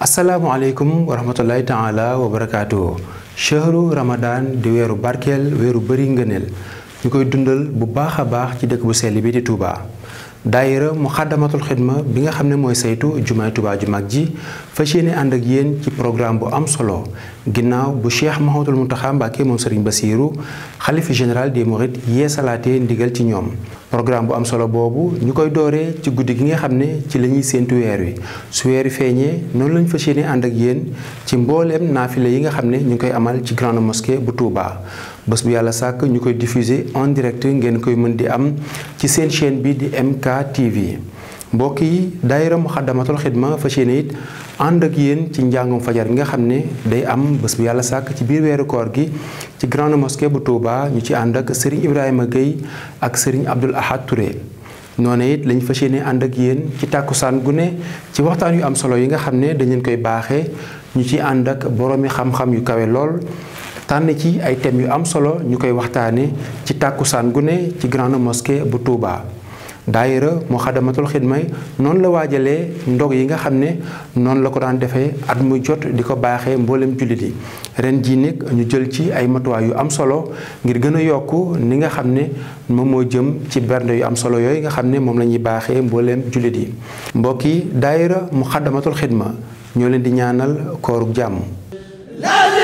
asalaamaaleykum wa rahmatullahi taala wa barakaatu chahru ramadan di weeru barkeel weeru bari ngëneel ñu koy dundal bu baax a baax ci dëkk bu sell bi di Touba daayira mu xàddamatul xidma bi nga xam ne mooy saytu jumaay Tuubaa ju mag ji fas yéene ànd ak yéen ci programme bu am solo ginnaaw bu Cheikh Mahamadul Muntaxa Mbàkke moom Sëriñ Basiiru xalifa général des mourides yeesalaatee ndigal ci ñoom programme bu am solo boobu ñu koy dooree ci guddi gi nga xam ne ci la ñuy séentu weer wi su weer feeñee noonu lañu fa yéene ànd ak yéen ci mbooleem naafile yi nga xam ne ñu ngi koy amal ci grande mosquée bu Touba. bés bu yàlla sàkk ñu koy diffuser en direct ngeen koy mën di am ci seen chaîne bi di MK Touba TV mbokk yi daayira Muxaddamatul Xidma fas yéene it ànd ak yéen ci njàngum fajar gi nga xam ne day am bés bu yàlla sàkk ci biir weeru koor gi ci grande mosquée bu Touba ñu ci ànd ak Serigne Ibrahima Gueye ak Serigne Abdoul Ahad Touré. noonu it lañ fas yéene ànd ak yéen ci tàkkusaan gune ci waxtaan yu am solo yi nga xam ne dañ koy baaxe ñu ci ànd ak boroomi xam-xam yu kawe lool. tànn ci ay thèmes yu am solo ñu koy waxtaane ci tàkkusaan gune ci grande mosquée bu Touba. daayira mu xadamatul xidma noonu la waajalee ndog yi nga xam ne noonu la ko daan defee at mu jot di ko baaxee mboolem jullit yi ren jii nag ñu jël ci ay matuwaay yu am solo ngir gën a yokk ni nga xam ne moom moo jëm ci bernde yu am solo yooyu nga xam ne moom la ñuy baaxee mboolem jullit yi mbokk yi daayira mu xadamatul xidma ñoo leen di ñaanal kooru jàmm